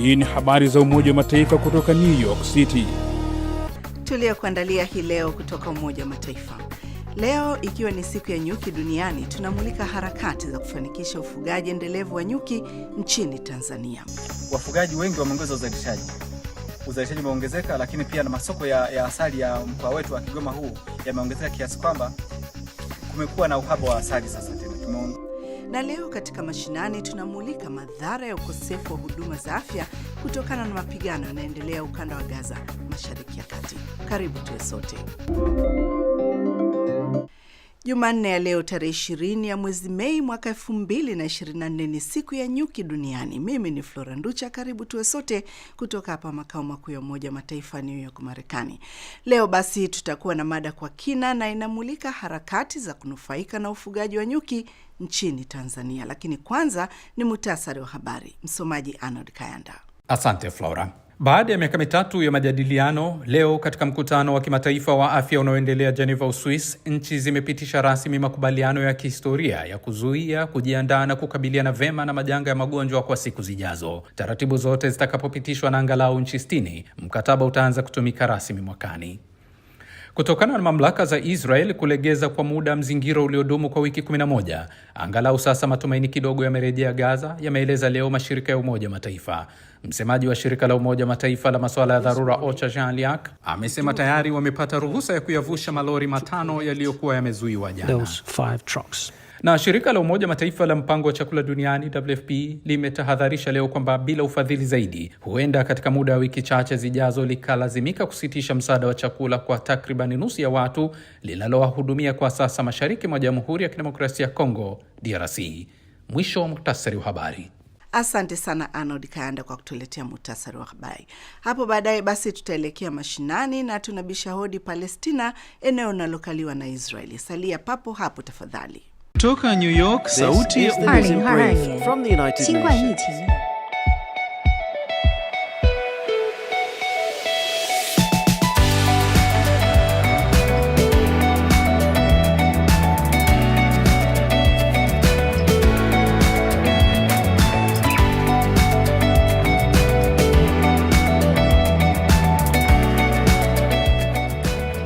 Hii ni habari za Umoja wa Mataifa kutoka New York City tuliyokuandalia hii leo kutoka Umoja wa Mataifa. Leo ikiwa ni siku ya nyuki duniani, tunamulika harakati za kufanikisha ufugaji endelevu wa nyuki nchini Tanzania. Wafugaji wengi wameongeza uzalishaji, uzalishaji umeongezeka, lakini pia na masoko ya, ya asali ya mkoa wetu wa Kigoma huu yameongezeka kiasi kwamba kumekuwa na uhaba wa asali sasa tena na leo katika mashinani tunamulika madhara ya ukosefu wa huduma za afya kutokana na mapigano yanaendelea ukanda wa Gaza, mashariki ya kati. Karibu tuwe sote. Jumanne ya leo tarehe ishirini ya mwezi Mei mwaka elfu mbili na ishirini na nne ni siku ya nyuki duniani. Mimi ni Flora Nducha, karibu tuwe sote kutoka hapa makao makuu ya Umoja wa Mataifa New York, Marekani. Leo basi tutakuwa na mada kwa kina na inamulika harakati za kunufaika na ufugaji wa nyuki nchini Tanzania, lakini kwanza ni muhtasari wa habari. Msomaji Arnold Kayanda. Asante Flora. Baada ya miaka mitatu ya majadiliano, leo katika mkutano wa kimataifa wa afya unaoendelea Geneva, Uswis, nchi zimepitisha rasmi makubaliano ya kihistoria ya kuzuia, kujiandaa na kukabiliana vema na majanga ya magonjwa kwa siku zijazo. Taratibu zote zitakapopitishwa na angalau nchi sitini, mkataba utaanza kutumika rasmi mwakani kutokana na mamlaka za Israel kulegeza kwa muda mzingiro uliodumu kwa wiki 11. Angalau sasa matumaini kidogo yamerejea Gaza, yameeleza leo mashirika ya Umoja Mataifa. Msemaji wa shirika la Umoja Mataifa la masuala ya dharura OCHA Jean Liac amesema tayari wamepata ruhusa ya kuyavusha malori matano yaliyokuwa yamezuiwa jana. Na shirika la Umoja Mataifa la mpango wa chakula duniani WFP limetahadharisha leo kwamba bila ufadhili zaidi, huenda katika muda wa wiki chache zijazo likalazimika kusitisha msaada wa chakula kwa takribani nusu ya watu linalowahudumia kwa sasa mashariki mwa Jamhuri ya Kidemokrasia ya Kongo, DRC. Mwisho wa muktasari wa habari. Asante sana Arnold Kaanda kwa kutuletea muhtasari wa habari. Hapo baadaye basi tutaelekea mashinani na tunabisha hodi Palestina, eneo linalokaliwa na Israeli. Salia papo hapo tafadhali. 二零二二年，新冠疫情。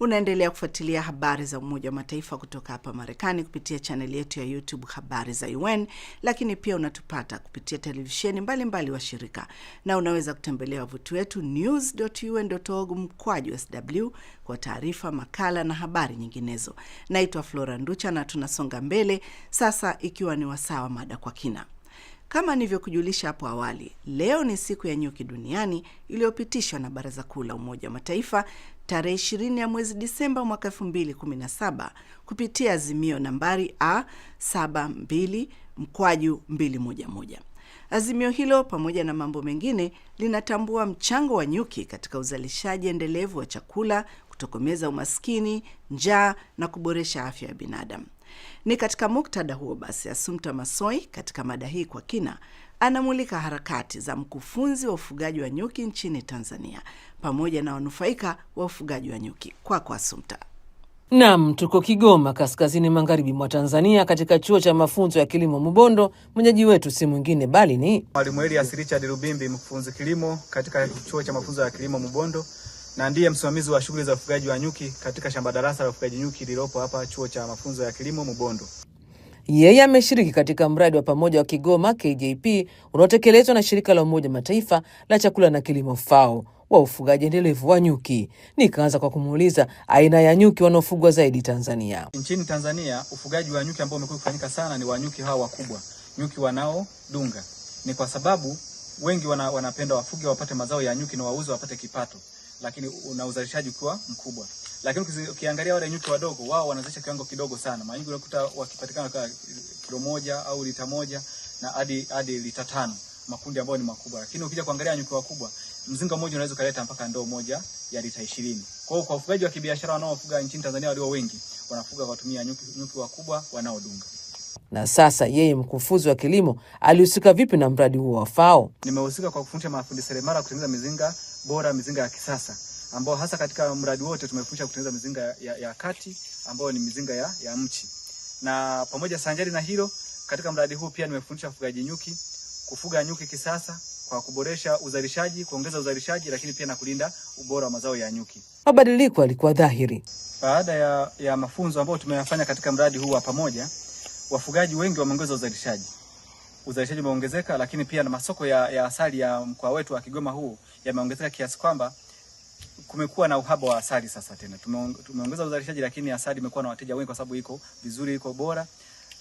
Unaendelea kufuatilia habari za Umoja wa Mataifa kutoka hapa Marekani kupitia chaneli yetu ya YouTube Habari za UN, lakini pia unatupata kupitia televisheni mbalimbali wa shirika na unaweza kutembelea wavuti wetu news.un.org mkwaju sw kwa taarifa, makala na habari nyinginezo. Naitwa Flora Nducha na tunasonga mbele sasa, ikiwa ni wasaa wa mada kwa kina. Kama nilivyokujulisha hapo awali, leo ni siku ya nyuki duniani iliyopitishwa na Baraza Kuu la Umoja wa Mataifa tarehe 20 ya mwezi Disemba mwaka 2017 kupitia azimio nambari A72 mkwaju 211. Azimio hilo pamoja na mambo mengine linatambua mchango wa nyuki katika uzalishaji endelevu wa chakula, kutokomeza umaskini, njaa na kuboresha afya ya binadamu. Ni katika muktadha huo basi, asumta masoi katika mada hii kwa kina anamulika harakati za mkufunzi wa ufugaji wa nyuki nchini Tanzania pamoja na wanufaika wa ufugaji wa nyuki. Kwako Asumta. Nam, tuko Kigoma, kaskazini magharibi mwa Tanzania, katika chuo cha mafunzo ya kilimo Mubondo. Mwenyeji wetu si mwingine bali ni Mwalimu Elias Richard Rubimbi, mkufunzi kilimo katika chuo cha mafunzo ya kilimo Mubondo, na ndiye msimamizi wa shughuli za ufugaji wa nyuki katika shamba darasa la ufugaji nyuki lililopo hapa chuo cha mafunzo ya kilimo Mubondo. Yeye ameshiriki katika mradi wa pamoja wa Kigoma KJP unaotekelezwa na shirika la Umoja Mataifa la chakula na kilimo FAO wa ufugaji endelevu wa nyuki. Nikaanza kwa kumuuliza aina ya nyuki wanaofugwa zaidi Tanzania. Nchini Tanzania, ufugaji wa nyuki ambao umekuwa kufanyika sana ni wa nyuki hawa wakubwa, nyuki wanaodunga. Ni kwa sababu wengi wana, wanapenda wafuge wapate mazao ya nyuki na wauze wapate kipato lakini una uzalishaji ukiwa mkubwa. Lakini ukiangalia wale nyuki wadogo, wao wanazalisha kiwango kidogo sana. Mara nyingi unakuta wakipatikana kwa kilo moja au lita moja na hadi hadi lita tano, makundi ambayo ni makubwa. Lakini ukija kuangalia nyuki wakubwa, mzinga mmoja unaweza kuleta mpaka ndoo moja ya lita 20. Kwa hiyo kwa wafugaji wa kibiashara wanaofuga nchini Tanzania walio wengi wanafuga kwa kutumia nyuki, nyuki wakubwa wanaodunga. Na sasa yeye mkufunzi wa kilimo alihusika vipi na mradi huo wa FAO? Nimehusika kwa kufundisha mafundi seremala kutengeneza mizinga bora mizinga ya kisasa ambao hasa katika mradi wote tumefundisha kutengeneza mizinga ya, ya kati ambayo ni mizinga ya, ya mchi. Na pamoja sanjari na hilo, katika mradi huu pia nimefundisha ufugaji nyuki kufuga nyuki kisasa kwa kuboresha uzalishaji, kuongeza uzalishaji, lakini pia na kulinda ubora wa mazao ya nyuki. Mabadiliko yalikuwa dhahiri baada ya, ya mafunzo ambayo tumeyafanya katika mradi huu wa pamoja. Wafugaji wengi wameongeza uzalishaji uzalishaji umeongezeka, lakini pia na masoko ya, ya asali ya mkoa wetu wa Kigoma huu yameongezeka kiasi kwamba kumekuwa na uhaba wa asali sasa. Tena tumeongeza uzalishaji, lakini asali imekuwa na wateja wengi kwa sababu iko vizuri, iko bora,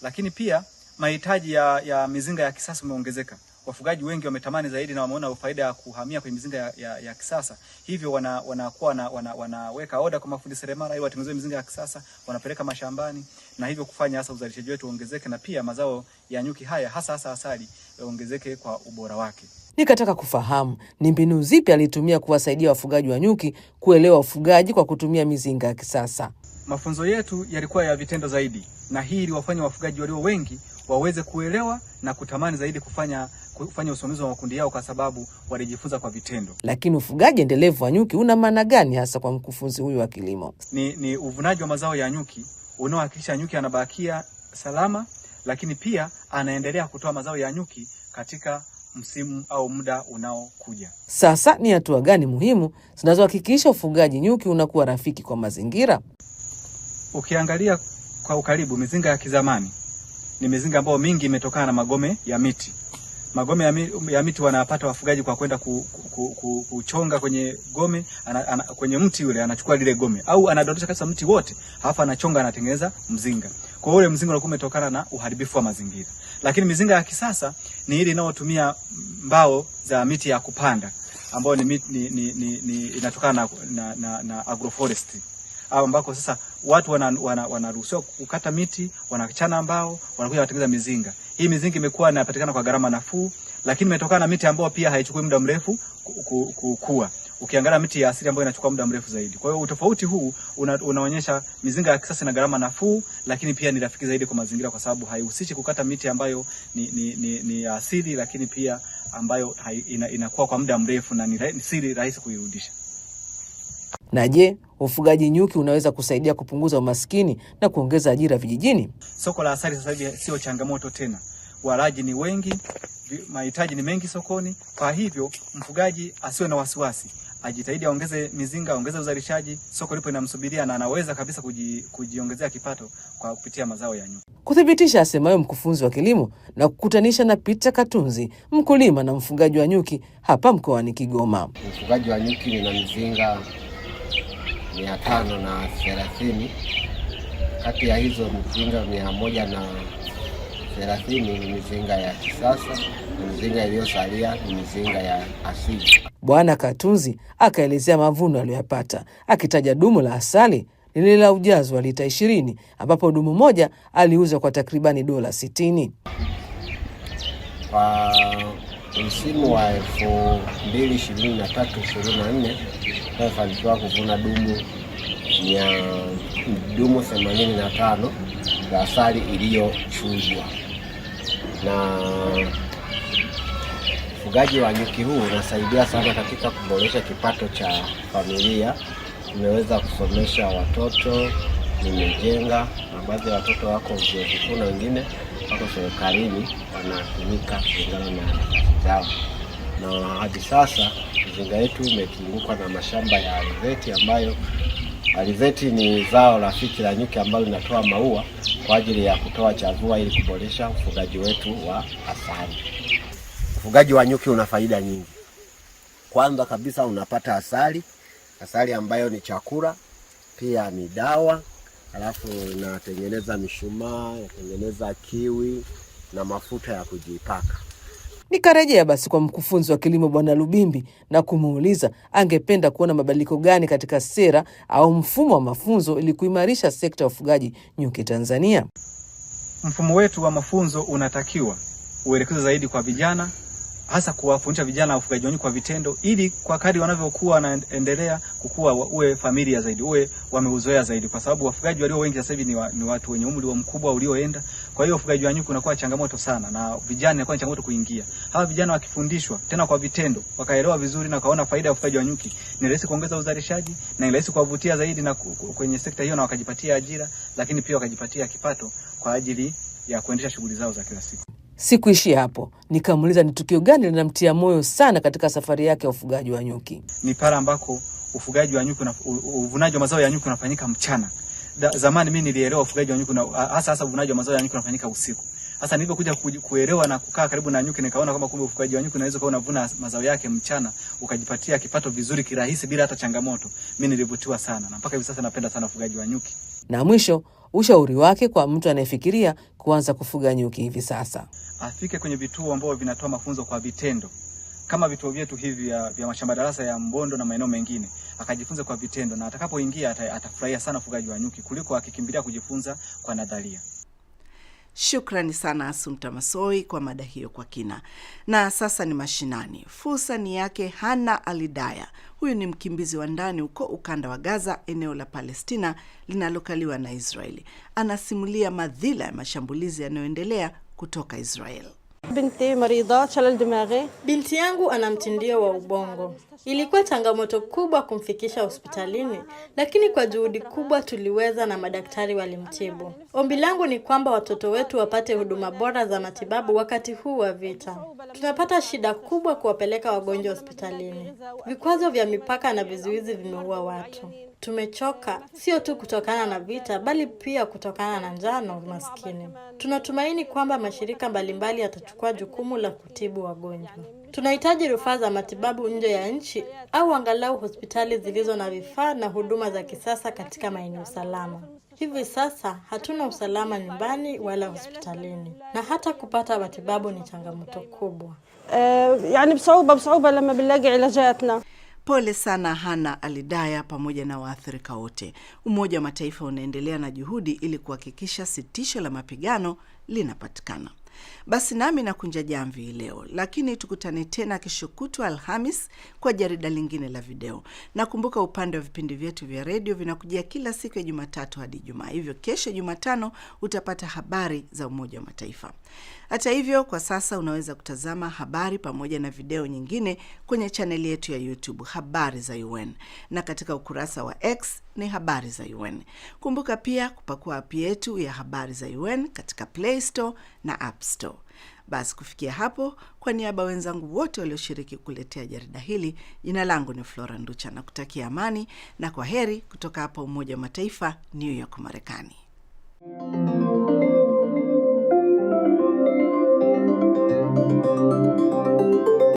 lakini pia mahitaji ya, ya mizinga ya kisasa umeongezeka wafugaji wengi wametamani zaidi na wameona faida ya kuhamia kwenye mizinga ya, ya, ya kisasa, hivyo wanakuwa wana, wana, wanaweka oda kwa mafundi seremala ili watengenezwe mizinga ya kisasa, wanapeleka mashambani na hivyo kufanya hasa uzalishaji wetu ongezeke na pia mazao ya nyuki haya hasa hasa asali yaongezeke kwa ubora wake. Nikataka kufahamu ni mbinu zipi alitumia kuwasaidia wafugaji wa nyuki kuelewa ufugaji kwa kutumia mizinga ya kisasa. Mafunzo yetu yalikuwa ya vitendo zaidi na hii iliwafanya wafugaji walio wengi waweze kuelewa na kutamani zaidi kufanya kufanya usimamizi wa makundi yao kwa sababu walijifunza kwa vitendo. Lakini ufugaji endelevu wa nyuki una maana gani hasa kwa mkufunzi huyu wa kilimo? Ni, ni uvunaji wa mazao ya nyuki unaohakikisha nyuki anabakia salama, lakini pia anaendelea kutoa mazao ya nyuki katika msimu au muda unaokuja. Sasa ni hatua gani muhimu zinazohakikisha ufugaji nyuki unakuwa rafiki kwa mazingira? Ukiangalia kwa ukaribu mizinga ya kizamani ni mizinga ambayo mingi imetokana na magome ya miti. Magome ya miti, ya miti wanapata wafugaji kwa kwenda ku, ku, ku, kuchonga kwenye gome ana, ana, kwenye mti ule anachukua lile gome au anadondosha kabisa mti wote, halafu anachonga anatengeneza mzinga. Kwa hiyo ule mzinga unakuwa umetokana na uharibifu wa mazingira. Lakini mizinga ya kisasa ni ile inayotumia mbao za miti ya kupanda ambayo ni, ni, ni, ni, ni inatokana na, na, na, na agroforestry ambako sasa watu wanaruhusiwa wana, wana kukata miti, wanachana mbao, wanakuja kutengeneza mizinga. Hii mizinga imekuwa inapatikana kwa gharama nafuu, lakini imetokana na miti ambayo pia haichukui muda mrefu kukua ukiangalia miti ya asili ambayo inachukua muda mrefu zaidi. Kwa hiyo utofauti huu una, unaonyesha mizinga ya kisasa ina gharama nafuu, lakini pia ni rafiki zaidi kwa mazingira, kwa sababu haihusishi kukata miti ambayo ni, ni, ni, ni asili, lakini pia ambayo hai, ina, inakuwa kwa muda mrefu na ni siri rahisi kuirudisha. Na je, ufugaji nyuki unaweza kusaidia kupunguza umaskini na kuongeza ajira vijijini? Soko la asali sasa hivi sio changamoto tena, walaji ni wengi, mahitaji ni mengi sokoni. Kwa hivyo mfugaji asiwe na wasiwasi, ajitahidi aongeze mizinga, aongeze uzalishaji, soko lipo linamsubiria na anaweza kabisa kuji, kujiongezea kipato kwa kupitia mazao ya nyuki. Kuthibitisha asemayo mkufunzi wa kilimo na kukutanisha na Peter Katunzi, mkulima na mfugaji wa nyuki hapa mkoani Kigoma. Mfugaji wa nyuki na mizinga mia tano na thelathini. Kati ya hizo mizinga mia moja na thelathini ni mizinga ya kisasa na mizinga iliyosalia ni mizinga ya asili. Bwana Katunzi akaelezea mavuno aliyoyapata akitaja dumu la asali lilila ujazo wa lita ishirini ambapo dumu moja aliuza kwa takribani dola sitini. Kwa msimu wa 2023 24 tumefanikiwa kuvuna dumu ya dumu 85 za asali iliyochujwa na ufugaji wa nyuki huu unasaidia sana katika kuboresha kipato cha familia. umeweza kusomesha watoto nimejenga, na baadhi ya watoto wako vyuo vikuu na wengine wako serikalini wanatumika kulingana na nafasi zao, na hadi sasa zinga yetu imezungukwa na mashamba ya alizeti, ambayo alizeti ni zao rafiki la nyuki ambalo linatoa maua kwa ajili ya kutoa chavua ili kuboresha ufugaji wetu wa asali. Ufugaji wa nyuki una faida nyingi. Kwanza kabisa unapata asali, asali ambayo ni chakula, pia ni dawa alafu natengeneza mishumaa, natengeneza kiwi na mafuta ya kujipaka. Nikarejea basi kwa mkufunzi wa kilimo Bwana Lubimbi na kumuuliza angependa kuona mabadiliko gani katika sera au mfumo wa mafunzo ili kuimarisha sekta ya ufugaji nyuki Tanzania. Mfumo wetu wa mafunzo unatakiwa uelekeze zaidi kwa vijana hasa kuwafundisha vijana ufugaji wa nyuki kwa vitendo, ili kwa kadri wanavyokuwa wanaendelea kukua uwe familia zaidi, uwe wameuzoea zaidi, kwa sababu wafugaji walio wengi sasa hivi ni, wa, ni watu wenye umri wa mkubwa ulioenda. Kwa hiyo ufugaji wa nyuki unakuwa changamoto sana, na vijana inakuwa ni changamoto kuingia. Hawa vijana wakifundishwa tena kwa vitendo, wakaelewa vizuri na kaona faida ya ufugaji wa nyuki, ni rahisi kuongeza uzalishaji na ni rahisi kuwavutia zaidi na kwenye sekta hiyo, na wakajipatia ajira, lakini pia wakajipatia kipato kwa ajili ya kuendesha shughuli zao za kila siku. Sikuishia hapo, nikamuuliza ni tukio gani linamtia moyo sana katika safari yake ya ufugaji wa nyuki. Ni pale ambako ufugaji wa nyuki, uvunaji wa mazao ya nyuki unafanyika mchana. Da, zamani mimi nilielewa ufugaji wa nyuki na hasa hasa uvunaji wa mazao ya nyuki unafanyika usiku. Sasa nilipokuja kuelewa na kukaa karibu na nyuki nikaona kwamba kumbe ufugaji wa nyuki unaweza kuwa unavuna mazao yake mchana ukajipatia kipato vizuri kirahisi bila hata changamoto. Mimi nilivutiwa sana na mpaka hivi sasa napenda sana ufugaji wa nyuki. Na mwisho ushauri wake kwa mtu anayefikiria kuanza kufuga nyuki hivi sasa afike kwenye vituo ambavyo vinatoa mafunzo kwa vitendo kama vituo vyetu hivi vya, vya mashamba darasa ya Mbondo na maeneo mengine, akajifunza kwa vitendo, na atakapoingia atafurahia sana ufugaji wa nyuki kuliko akikimbilia kujifunza kwa nadharia. Shukrani sana Asumta Masoi kwa mada hiyo kwa kina. Na sasa ni mashinani, fursa ni yake Hana Alidaya. Huyu ni mkimbizi wa ndani huko ukanda wa Gaza, eneo la Palestina linalokaliwa na Israeli. Anasimulia madhila ya mashambulizi yanayoendelea kutoka Israel. Binti yangu ana mtindio wa ubongo. Ilikuwa changamoto kubwa kumfikisha hospitalini, lakini kwa juhudi kubwa tuliweza na madaktari walimtibu. Ombi langu ni kwamba watoto wetu wapate huduma bora za matibabu wakati huu wa vita. Tunapata shida kubwa kuwapeleka wagonjwa hospitalini. Vikwazo vya mipaka na vizuizi vimeua watu. Tumechoka sio tu kutokana na vita, bali pia kutokana na njaa na umaskini. Tunatumaini kwamba mashirika mbalimbali yatachukua jukumu la kutibu wagonjwa. Tunahitaji rufaa za matibabu nje ya nchi au angalau hospitali zilizo na vifaa na huduma za kisasa katika maeneo salama. Hivi sasa hatuna usalama nyumbani wala hospitalini, na hata kupata matibabu ni changamoto kubwa. Uh, yani bsauba bsauba lama Pole sana Hana Alidaya pamoja na waathirika wote. Umoja wa Mataifa unaendelea na juhudi ili kuhakikisha sitisho la mapigano linapatikana. Basi nami nakunja jamvi leo, lakini tukutane tena kesho kutwa Alhamis kwa jarida lingine la video. Nakumbuka upande wa vipindi vyetu vya redio vinakujia kila siku ya Jumatatu hadi Ijumaa, hivyo kesho Jumatano utapata habari za Umoja wa Mataifa. Hata hivyo, kwa sasa unaweza kutazama habari pamoja na video nyingine kwenye chaneli yetu ya YouTube Habari za UN na katika ukurasa wa X ni habari za UN. Kumbuka pia kupakua app yetu ya habari za UN katika Play Store na App Store. Basi kufikia hapo, kwa niaba ya wenzangu wote walioshiriki kuletea jarida hili, jina langu ni Flora Nducha na kutakia amani na kwa heri kutoka hapa Umoja wa Mataifa, New York, Marekani.